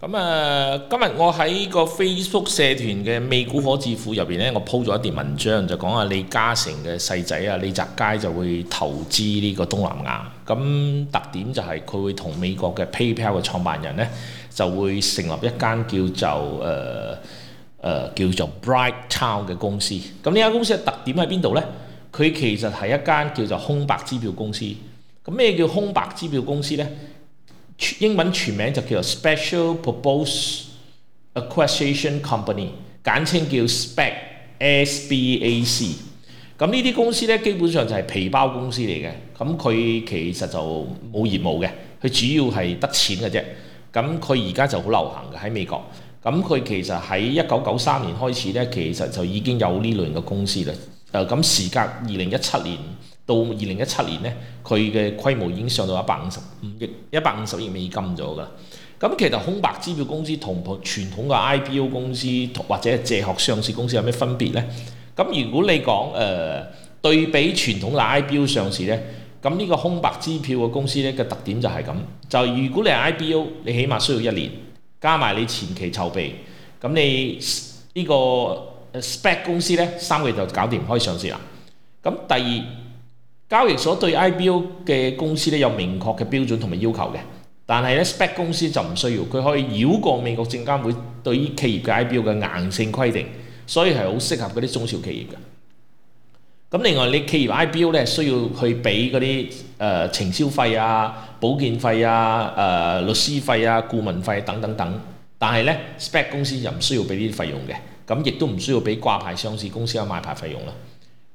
咁啊！今日我喺個 Facebook 社團嘅美股可致富入邊咧，面我鋪咗一段文章，就講下李嘉誠嘅細仔啊李澤楷就會投資呢個東南亞。咁特點就係佢會同美國嘅 PayPal 嘅創辦人咧，就會成立一間叫做誒誒、呃、叫做 Bright Town 嘅公司。咁呢間公司嘅特點喺邊度咧？佢其實係一間叫做空白支票公司。咁咩叫空白支票公司咧？英文全名就叫 Special Purpose Acquisition Company，簡稱叫 SPAC，S-P-A-C。咁呢啲公司呢，基本上就係皮包公司嚟嘅。咁佢其實就冇業務嘅，佢主要係得錢嘅啫。咁佢而家就好流行嘅喺美國。咁佢其實喺一九九三年開始呢，其實就已經有呢類嘅公司啦。誒，咁時隔二零一七年。到二零一七年呢，佢嘅規模已經上到一百五十五億一百五十億美金咗㗎。咁其實空白支票公司同傳統嘅 IPO 公司或者借殼上市公司有咩分別呢？咁如果你講誒、呃、對比傳統嘅 IPO 上市呢，咁呢個空白支票嘅公司呢，嘅特點就係咁，就係、如果你係 IPO，你起碼需要一年加埋你前期籌備，咁你呢個 SPAC 公司呢，三個月就搞掂，可以上市啦。咁第二。交易所對 IPO 嘅公司咧有明確嘅標準同埋要求嘅，但係咧 SPAC 公司就唔需要，佢可以繞過美國證監會對於企業嘅 IPO 嘅硬性規定，所以係好適合嗰啲中小企業嘅。咁另外，你企業 IPO 咧需要去俾嗰啲誒承銷費啊、保薦費啊、誒、呃、律師費啊、顧問費等等等，但係咧 SPAC 公司就唔需要俾啲費用嘅，咁亦都唔需要俾掛牌上市公司有買牌費用啦。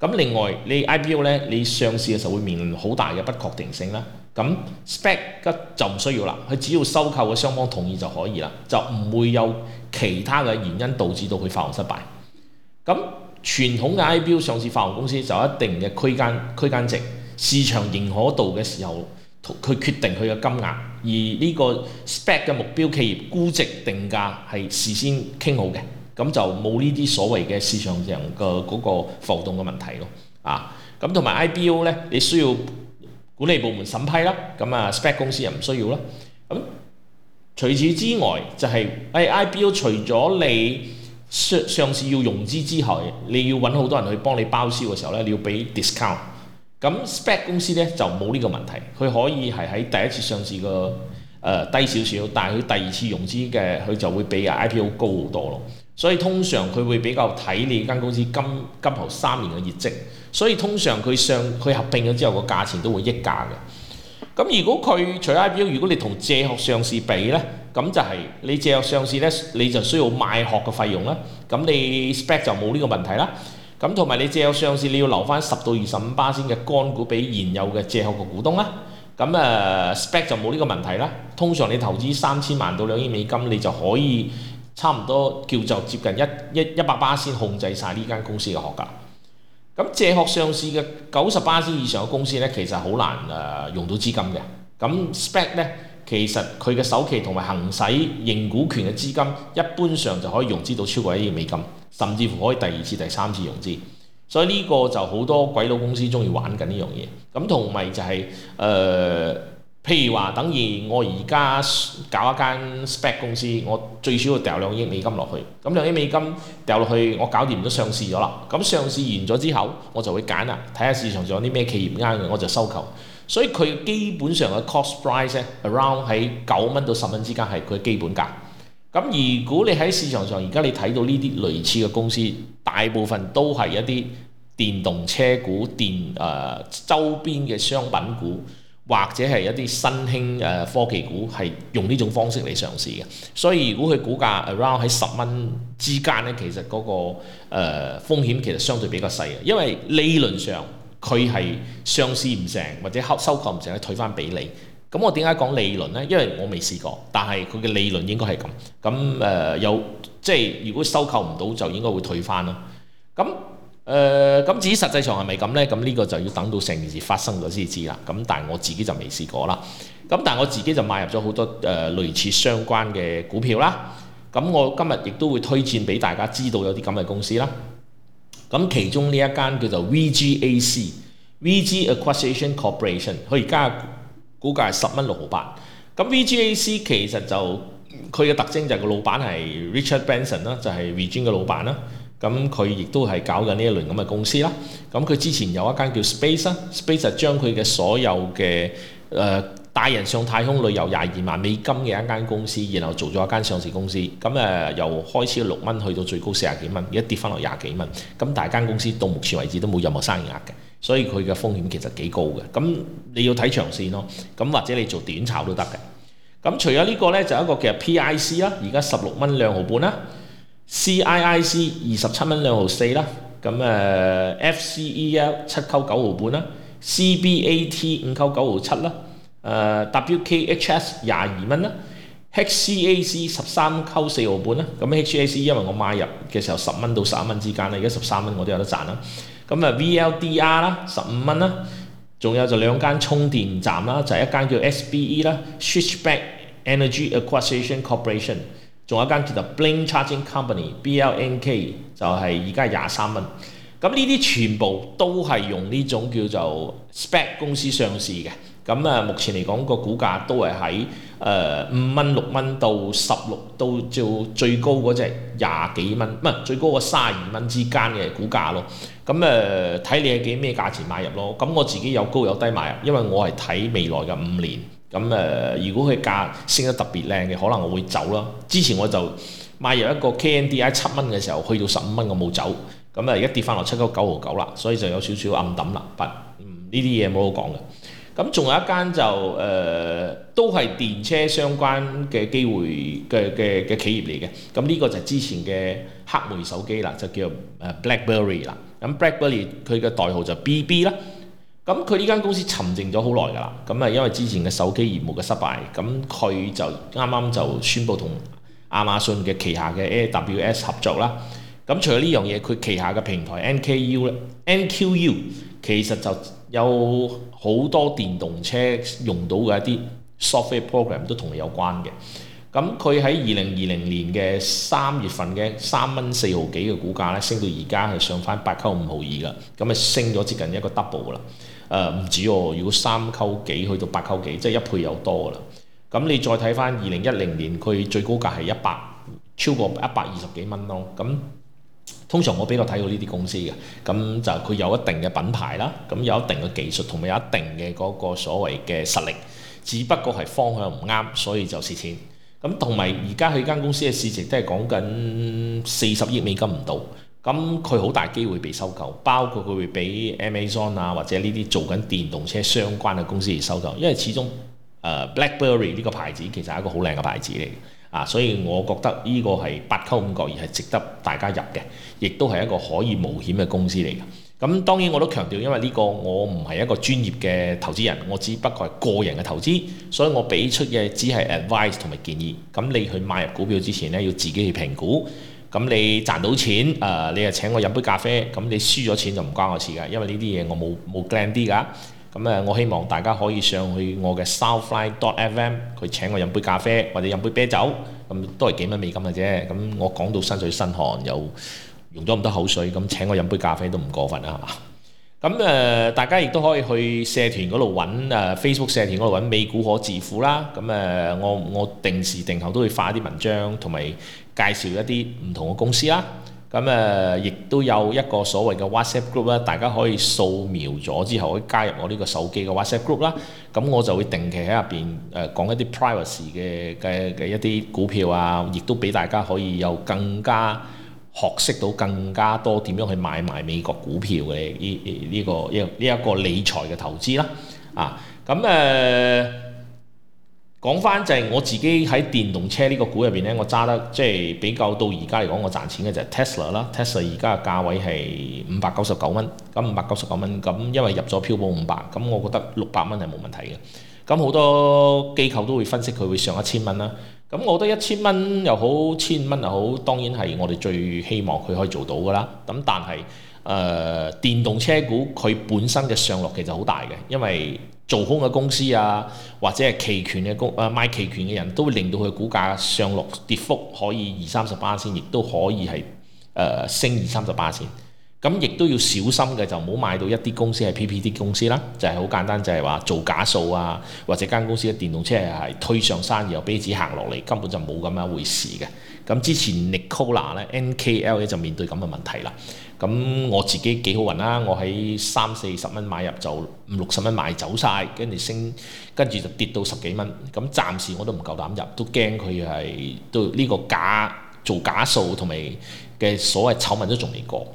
咁另外，你 IPO 咧，你上市嘅時候會面臨好大嘅不確定性啦。咁 SPAC 嘅就唔需要啦，佢只要收購嘅雙方同意就可以啦，就唔會有其他嘅原因導致到佢發行失敗。咁傳統嘅 IPO 上市發行公司就一定嘅區間區間值市場認可度嘅時候，佢決定佢嘅金額，而呢個 SPAC 嘅目標企業估值定價係事先傾好嘅。咁就冇呢啲所謂嘅市場上嘅嗰個浮動嘅問題咯，啊，咁同埋 IPO 咧，你需要管理部門審批啦，咁啊 SPAC 公司又唔需要啦。咁除此之外，就係誒 IPO 除咗你上上市要融資之後，你要揾好多人去幫你包銷嘅時候咧，你要俾 discount。咁 SPAC 公司咧就冇呢個問題，佢可以係喺第一次上市個低少少，但係佢第二次融資嘅佢就會比 IPO 高好多咯。所以通常佢會比較睇你間公司今今後三年嘅業績，所以通常佢上佢合併咗之後個價錢都會溢價嘅。咁如果佢除咗 IPO，如果你同借殼上市比咧，咁就係你借殼上市咧，你就需要賣殼嘅費用啦。咁你 SPAC 就冇呢個問題啦。咁同埋你借殼上市，你要留翻十到二十五巴仙嘅乾股俾現有嘅借殼嘅股東啦。咁誒 SPAC 就冇呢個問題啦。通常你投資三千萬到兩億美金，你就可以。差唔多叫做接近一一一百八先控制晒呢間公司嘅學價。咁借殼上市嘅九十八先以上嘅公司呢，其實好難誒融、呃、到資金嘅。咁 Spec 呢，其實佢嘅首期同埋行使認股權嘅資金，一般上就可以融資到超過一億美金，甚至乎可以第二次、第三次融資。所以呢個就好多鬼佬公司中意玩緊呢樣嘢。咁同埋就係誒。譬如話，等於我而家搞一間 SPAC 公司，我最少要掉兩億美金落去。咁兩億美金掉落去，我搞掂都上市咗啦。咁上市完咗之後，我就會揀啦，睇下市場上有啲咩企業啱嘅，我就收購。所以佢基本上嘅 cost price 咧，around 喺九蚊到十蚊之間，係佢嘅基本價。咁如果你喺市場上，而家你睇到呢啲類似嘅公司，大部分都係一啲電動車股、電呃、周邊嘅商品股。或者係一啲新興誒、科技股係用呢種方式嚟嘗試嘅，所以如果佢股價 around 喺十蚊之間呢，其實嗰個誒、風險其實相對比較細嘅，因為理論上佢係上市唔成或者收購唔成退翻俾你。咁我點解講理論呢？因為我未試過，但係佢嘅理論應該係咁。咁，誒、有即係如果收購唔到就應該會退翻咯。咁誒、呃、咁至於實際上係咪咁呢？咁呢個就要等到成件事發生咗先知啦。咁但我自己就未試過啦。咁但我自己就買入咗好多誒、呃、類似相關嘅股票啦。咁我今日亦都會推薦俾大家知道有啲咁嘅公司啦。咁其中呢一間叫做 VGAC，VG Acquisition Corporation，佢而家股價係十蚊六毫八。咁 VGAC 其實就佢嘅特徵就係個老闆係 Richard Benson 啦，就係 Virgin 嘅老闆啦。咁佢亦都係搞緊呢一輪咁嘅公司啦。咁佢之前有一間叫 Space 啊，Space 就將佢嘅所有嘅誒、呃、帶人上太空旅遊廿二萬美金嘅一間公司，然後做咗一間上市公司。咁誒、呃、由開始六蚊去到最高四十幾蚊，而家跌翻落廿幾蚊。咁大間公司到目前為止都冇任何生意額嘅，所以佢嘅風險其實幾高嘅。咁你要睇長線咯。咁或者你做短炒都得嘅。咁除咗呢個呢，就一個其實 PIC 啦，而家十六蚊兩毫半啦。CIIC 二十七蚊兩毫四啦，咁誒 FCEL 七溝九毫半啦，CBAT 五溝九毫七啦，誒 WKHS 廿二蚊啦，HCAC 十三溝四毫半啦，咁 HCAC 因為我買入嘅時候十蚊到十一蚊之間啦，而家十三蚊我都有得賺啦，咁誒 VLDR 啦十五蚊啦，仲有就兩間充電站啦，就係一間叫 SBE 啦，Switchback Energy Acquisition Corporation。仲有一間叫做 Blink Charging Company，B L N K 就係而家廿三蚊。咁呢啲全部都係用呢種叫做 SPAC 公司上市嘅。咁啊，目前嚟講，個股價都係喺誒五蚊六蚊到十六到叫最高嗰隻廿幾蚊，唔係最高個卅二蚊之間嘅股價咯。咁誒睇你係幾咩價錢買入咯。咁我自己有高有低買入，因為我係睇未來嘅五年。咁誒，如果佢價升得特別靚嘅，可能我會走咯。之前我就買入一個 KNDI 七蚊嘅時候，去到十五蚊我冇走。咁啊，而家跌翻落七九九毫九啦，所以就有少少暗揼啦。不，嗯，呢啲嘢冇好講嘅。咁仲有一間就誒、呃，都係電車相關嘅機會嘅嘅嘅企業嚟嘅。咁呢個就係之前嘅黑莓手機啦，就叫誒 BlackBerry 啦。咁 BlackBerry 佢嘅代號就 BB 啦。咁佢呢間公司沉靜咗好耐㗎啦。咁啊，因為之前嘅手機業務嘅失敗，咁佢就啱啱就宣布同亞馬遜嘅旗下嘅 AWS 合作啦。咁除咗呢樣嘢，佢旗下嘅平台 NKU 咧，NQU 其實就有好多電動車用到嘅一啲 software program 都同你有關嘅。咁佢喺二零二零年嘅三月份嘅三蚊四毫幾嘅股價咧，升到而家係上返八溝五毫二㗎。咁啊，升咗接近一個 double 㗎啦。誒、呃、唔止喎，如果三溝幾去到八溝幾，即係一倍有多噶啦。咁你再睇返二零一零年，佢最高價係一百，超過一百二十幾蚊咯。咁通常我比較睇到呢啲公司嘅，咁就佢有一定嘅品牌啦，咁有一定嘅技術同埋有一定嘅嗰個所謂嘅實力，只不過係方向唔啱，所以就蝕錢。咁同埋而家佢間公司嘅市值都係講緊四十億美金唔到。咁佢好大機會被收購，包括佢會俾 Amazon 啊，或者呢啲做緊電動車相關嘅公司嚟收購，因為始終、呃、BlackBerry 呢個牌子其實係一個好靚嘅牌子嚟嘅，啊，所以我覺得呢個係八溝五角而係值得大家入嘅，亦都係一個可以冒險嘅公司嚟嘅。咁當然我都強調，因為呢個我唔係一個專業嘅投資人，我只不過係個人嘅投資，所以我俾出嘅只係 advice 同埋建議。咁你去買入股票之前呢，要自己去評估。咁你賺到錢，誒你又請我飲杯咖啡，咁你輸咗錢就唔關我事噶，因為呢啲嘢我冇冇 g 啲噶。咁誒，我希望大家可以上去我嘅 Soundfly dot FM，佢請我飲杯咖啡或者飲杯啤酒，咁都係幾蚊美金嘅啫。咁我講到身水身汗又用咗咁多口水，咁請我飲杯咖啡都唔過分啦，係嘛？咁誒、呃，大家亦都可以去社團嗰度揾 Facebook 社團嗰度揾《美股可致富》啦。咁、呃、誒，我我定時定候都會發一啲文章同埋，還有介紹一啲唔同嘅公司啦，咁誒亦都有一個所謂嘅 WhatsApp group 啦，大家可以掃描咗之後可以加入我呢個手機嘅 WhatsApp group 啦，咁我就會定期喺入邊誒講一啲 privacy 嘅嘅嘅一啲股票啊，亦都俾大家可以有更加學識到更加多點樣去買賣美國股票嘅呢呢呢個呢一個理財嘅投資啦，啊，咁誒。講翻就係我自己喺電動車呢個股入面呢，我揸得即係比較到而家嚟講，我賺錢嘅就係 Tesla 啦。Tesla 而家嘅價位係五百九十九蚊，咁五百九十九蚊咁，因為入咗漂保五百，咁我覺得六百蚊係冇問題嘅。咁好多機構都會分析佢會上一千蚊啦。咁我覺得一千蚊又好，千蚊又好，當然係我哋最希望佢可以做到噶啦。咁但係，呃，電動車股佢本身嘅上落其實好大嘅，因為做空嘅公司啊，或者係期權嘅公啊，賣期權嘅人都會令到佢股價上落，跌幅可以二三十八先，亦都可以係誒、呃、升二三十八先。r 咁亦都要小心嘅，就唔好買到一啲公司係 PPD 公司啦。就係、是、好簡單就是，就係話做假數啊，或者間公司嘅電動車係推上山，然後又俾自行落嚟，根本就冇咁樣回事嘅。咁之前 Nikola 咧，NKLA 就面對咁嘅問題啦。咁我自己幾好運啦，我喺三四十蚊買入，就五六十蚊賣走晒，跟住升，跟住就跌到十幾蚊。咁暫時我都唔夠膽入，都驚佢係都呢個假做假數同埋嘅所謂醜聞都仲未過。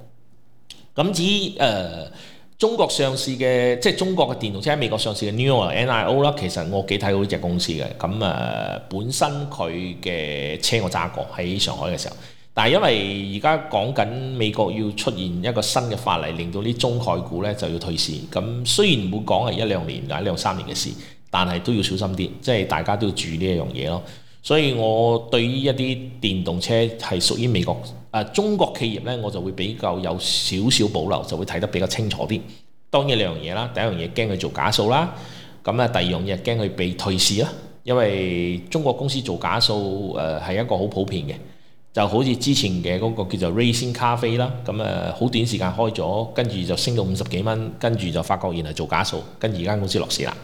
咁至於誒、呃、中國上市嘅即係中國嘅電動車，美國上市嘅 Newer NIO 啦，其實我幾睇好呢隻公司嘅。咁誒、呃、本身佢嘅車我揸過喺上海嘅時候。但係因為而家講緊美國要出現一個新嘅法例，令到啲中概股咧就要退市。咁雖然唔會講係一兩年或者兩三年嘅事，但係都要小心啲，即係大家都要注意呢一樣嘢咯。所以我對於一啲電動車係屬於美國啊、中國企業咧，我就會比較有少少保留，就會睇得比較清楚啲。當然這兩樣嘢啦，第一樣嘢驚佢做假數啦，咁咧第二樣嘢驚佢被退市啦，因為中國公司做假數誒係一個好普遍嘅。就好似之前嘅嗰個叫做 Racing 咖啡啦，咁誒好短時間開咗，跟住就升到五十幾蚊，跟住就發覺原來做假數，跟住間公司落市啦。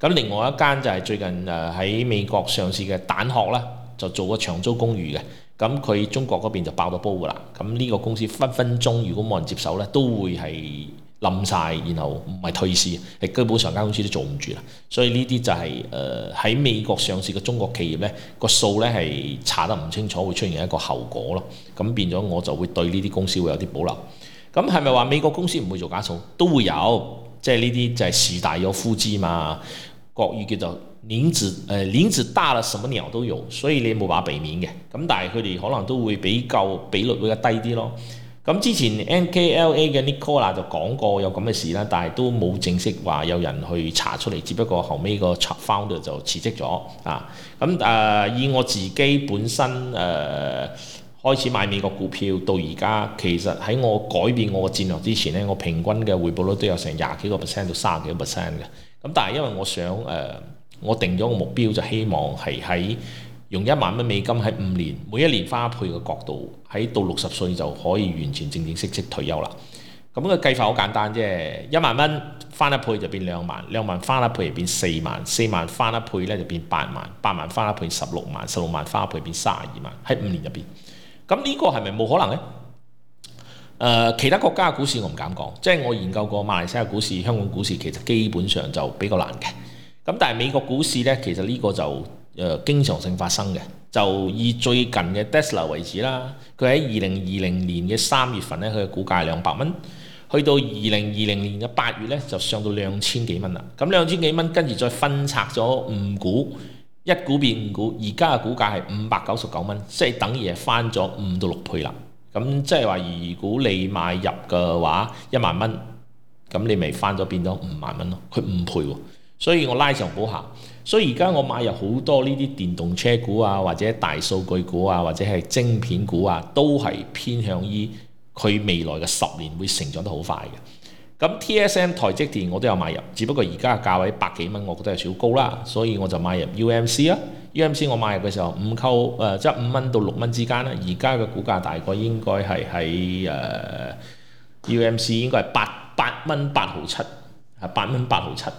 咁另外一間就係最近誒喺美國上市嘅蛋殼啦，就做個長租公寓嘅，咁佢中國嗰邊就爆咗煲㗎啦。咁呢個公司分分鐘如果冇人接手咧，都會係。冧晒，然後唔係退市，係基本上間公司都做唔住啦。所以呢啲就係、誒、喺、呃、美國上市嘅中國企業呢、個數呢係查得唔清楚，會出現一個後果咯。咁變咗我就會對呢啲公司會有啲保留。咁係咪話美國公司唔會做假數？都會有，即係呢啲就係樹大有枯枝嘛。國語叫做林子呃。誒林子大啦什麼鳥都有，所以你冇法避免嘅。咁但係佢哋可能都會比較比率會比較低啲咯。咁之前 N K L A 嘅 Nikola 就講過有咁嘅事啦，但係都冇正式話有人去查出嚟，只不過後尾個 founder 就辭職咗啊。咁、啊、誒，以我自己本身誒、啊、開始買美國個股票到而家，其實喺我改變我嘅戰略之前咧，我平均嘅回報率都有成廿幾個 percent 到三十幾個 percent 嘅。咁但係因為我想誒、啊，我定咗個目標就希望係喺，用一萬蚊美金喺五年，每一年翻一倍嘅角度，喺到六十歲就可以完全正正式式退休啦。咁嘅計法好簡單啫，一萬蚊翻一倍就變兩萬，兩萬翻一倍就變四萬，四萬翻一倍咧就變八萬，八萬翻一倍十六萬，十六萬翻一倍變三十二萬，喺五年入邊。咁呢個係咪冇可能呢？誒、呃，其他國家嘅股市我唔敢講，即係我研究過馬來西亞股市、香港股市，其實基本上就比較難嘅。咁但係美國股市呢，其實呢個就誒經常性發生嘅，就以最近嘅 Tesla 為止啦。佢喺二零二零年嘅三月份咧，佢嘅股價係兩百蚊，去到二零二零年嘅八月咧，就上到兩千幾蚊啦。咁兩千幾蚊，跟住再分拆咗五股，一股變五股，而家嘅股價係五百九十九蚊，即係等於係翻咗五到六倍啦。咁即係話，如果你買入嘅話，一萬蚊，咁你咪翻咗變咗五萬蚊咯。佢五倍喎。所以我拉上補下，所以而家我買入好多呢啲電動車股啊，或者大數據股啊，或者係晶片股啊，都係偏向於佢未來嘅十年會成長得好快嘅。咁 TSM 台積電我都有買入，只不過而家嘅價位百幾蚊，我覺得有少高啦，所以我就買入 UMC 啦、啊嗯。UMC 我買入嘅時候五溝誒、呃、即係五蚊到六蚊之間啦，而家嘅股價大概應該係喺誒 UMC 應該係八八蚊八毫七啊，八蚊八毫七。八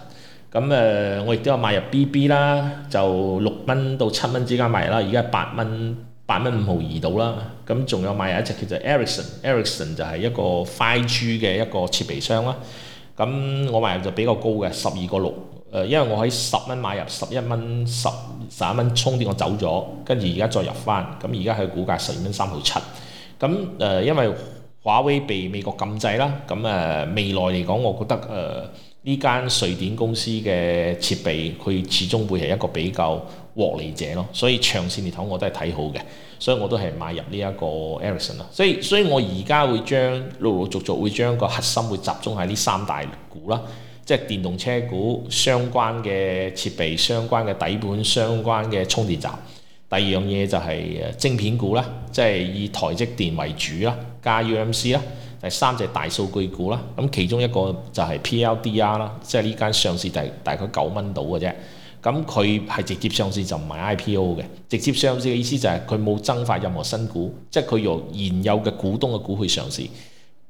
咁誒，我亦都有買入 BB 啦，就六蚊到七蚊之間買啦，而家八蚊八蚊五毫二到啦。咁仲有買入一隻，叫做 Ericsson，Ericsson 就係 Ericsson, Ericsson 一個 5G 嘅一個設備商啦。咁我買入就比較高嘅十二個六。誒，因為我喺十蚊買入，十一蚊十十一蚊充電，我走咗，跟住而家再入翻。咁而家佢股價十二蚊三毫七。咁、呃、誒，因為華為被美國禁制啦，咁誒、呃、未來嚟講，我覺得誒。呃呢間瑞典公司嘅設備，佢始終會係一個比較獲利者咯，所以長線嚟講我都係睇好嘅，所以我都係買入呢一個 Ericsson 啦。所以所以我而家會將陸陸續續會將個核心會集中喺呢三大股啦，即係電動車股相關嘅設備、相關嘅底盤、相關嘅充電站。第二樣嘢就係誒晶片股啦，即係以台積電為主啦，加 U M C 啦。第三隻大數據股啦，咁其中一個就係 P L D R 啦，即係呢間上市第大概九蚊度嘅啫。咁佢係直接上市就唔係 I P O 嘅，直接上市嘅意思就係佢冇增發任何新股，即係佢用現有嘅股東嘅股去上市。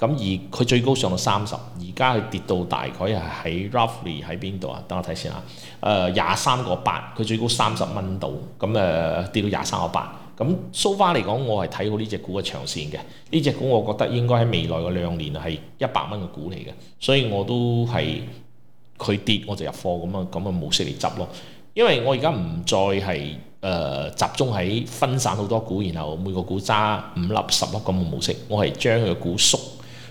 咁而佢最高上到三十，而家佢跌到大概係喺 roughly 喺邊度啊？等我睇先啊。誒、呃，廿三個八，佢最高三十蚊度，咁、呃、誒跌到廿三個八。咁 so far 嚟講，我係睇好呢隻股嘅長線嘅。呢隻股我覺得應該喺未來嘅兩年係一百蚊嘅股嚟嘅，所以我都係佢跌我就入貨咁啊咁嘅模式嚟執咯。因為我而家唔再係誒、呃、集中喺分散好多股，然後每個股揸五粒十粒咁嘅模式，我係將佢嘅股縮。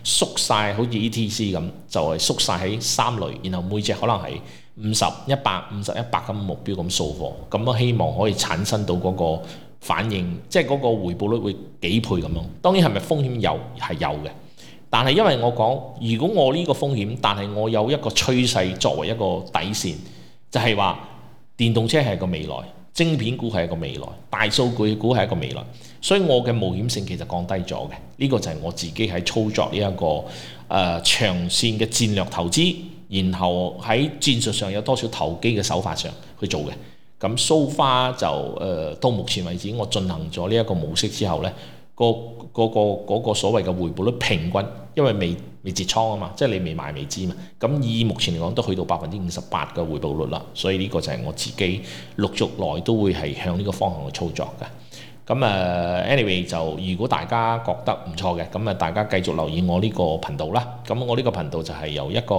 縮晒好似 ETC 咁，就係、是、縮晒喺三類，然後每隻可能係五十一百、五十一百咁目標咁掃貨，咁都希望可以產生到嗰個反應，即係嗰個回報率會幾倍咁樣。當然係咪風險有係有嘅，但係因為我講，如果我呢個風險，但係我有一個趨勢作為一個底線，就係、是、話電動車係個未來。芯片股係一個未來，大數據股係一個未來，所以我嘅冒險性其實降低咗嘅。呢、這個就係我自己喺操作呢、這、一個誒、呃、長線嘅戰略投資，然後喺戰術上有多少投機嘅手法上去做嘅。咁 so far 就誒、呃、到目前為止，我進行咗呢一個模式之後呢、那個、那個個嗰、那個所謂嘅回報率平均，因為未。未接倉啊嘛，即係你未賣未知嘛。咁以目前嚟講，都去到百分之五十八嘅回報率啦。所以呢個就係我自己陸續來都會係向呢個方向去操作嘅。咁誒、呃、，anyway 就如果大家覺得唔錯嘅，咁誒大家繼續留意我呢個頻道啦。咁我呢個頻道就係由一個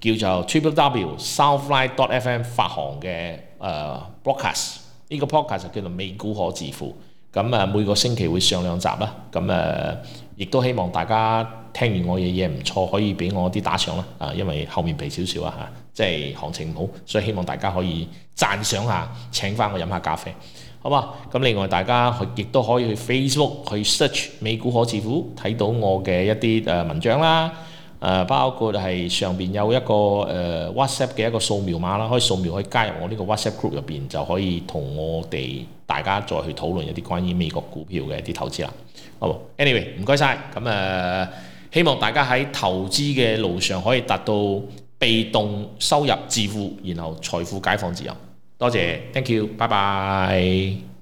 叫做 Triple W Soundfly dot FM 發行嘅誒、呃、broadcast，呢、這個 broadcast 叫做美股可致富。咁誒每個星期會上兩集啦。咁誒亦都希望大家。聽完我嘅嘢唔錯，可以俾我啲打賞啦，啊，因為後面皮少少啊嚇，即係行情唔好，所以希望大家可以讚賞下，請翻我飲下咖啡，好嘛？咁另外大家去亦都可以去 Facebook 去 search 美股可致富，睇到我嘅一啲文章啦，包括係上面有一個 WhatsApp 嘅一個掃描碼啦，可以掃描可以加入我呢個 WhatsApp group 入面，就可以同我哋大家再去討論一啲關於美國股票嘅一啲投資啦。好，anyway 唔該晒。咁誒希望大家喺投資嘅路上可以達到被動收入致富，然後財富解放自由。多謝，Thank you，拜拜。